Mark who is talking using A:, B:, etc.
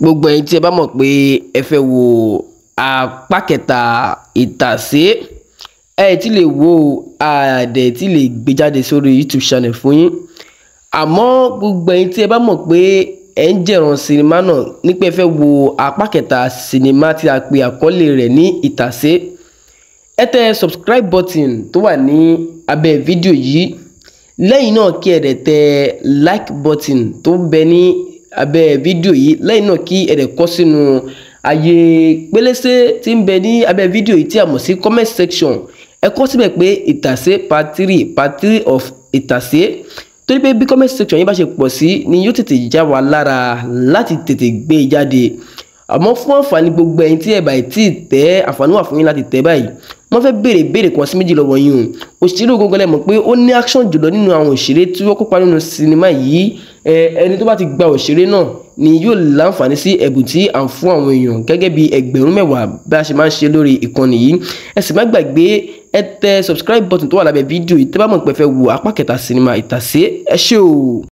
A: gbogbo ẹ̀yin tí ẹ bá mọ̀ pé ẹ fẹ́ wo apá kẹta ìtàsé ẹ ti lè wo àdẹ̀ ti lè gbé jáde sórí youtube channel fún yín àmọ́ gbogbo ẹ̀yin tí ẹ bá mọ̀ pé ẹ ń jẹ̀ràn sinimá náà nípa ẹ fẹ́ wo apá kẹta sinimá tí a pè àkọlé rẹ̀ ní ìtàsé ẹ tẹ subscribe button tó wà ní abẹ́ fídíò yìí lẹ́yìn náà kí ẹ dẹ̀ tẹ like button tó ń bẹ ní abẹ́ fídíò yìí lẹ́yìn náà kí ẹ̀rẹ̀ kọ sínú ààyè pélésè tí ń bẹ ní abẹ́ fídíò yìí tí a mọ̀ sí comment section ẹ kọ síbẹ̀ pé ìtàsé part three part three of ìtàsé torí pé bí comment section yìí bá ṣe pọ̀ sí ni yóò tètè já wa lára láti tètè gbé e jáde àmọ́ fún àǹfààní gbogbo ẹ̀yin tí ẹ̀ bá ti tẹ̀ àǹfààní wà fún yín láti tẹ̀ báyìí wọ́n fẹ́ béèrè béèrè kan sí méjì lọ́wọ́ yín o òṣèré Ògóǹgó lẹ́mọ̀ pé ó ní action jùlọ nínú àwọn òṣèré tí wọ́n kópa nínú sinimá yìí ẹni tó bá ti gba òṣèré náà ni yóò láǹfààní sí ẹ̀bùn tí à ń fún àwọn èèyàn gẹ́gẹ́ bí ẹgbẹ̀rún mẹ́wàá bá a ṣe máa ń ṣe lórí ìkànnì yìí ẹ sì má gbàgbé ẹ tẹ subscribe button tó wà lábẹ́ fídíò yìí tẹ́ bá mọ̀ pé fẹ́ wo apá kẹta sinimá ìtàsé
B: ẹ ṣé o.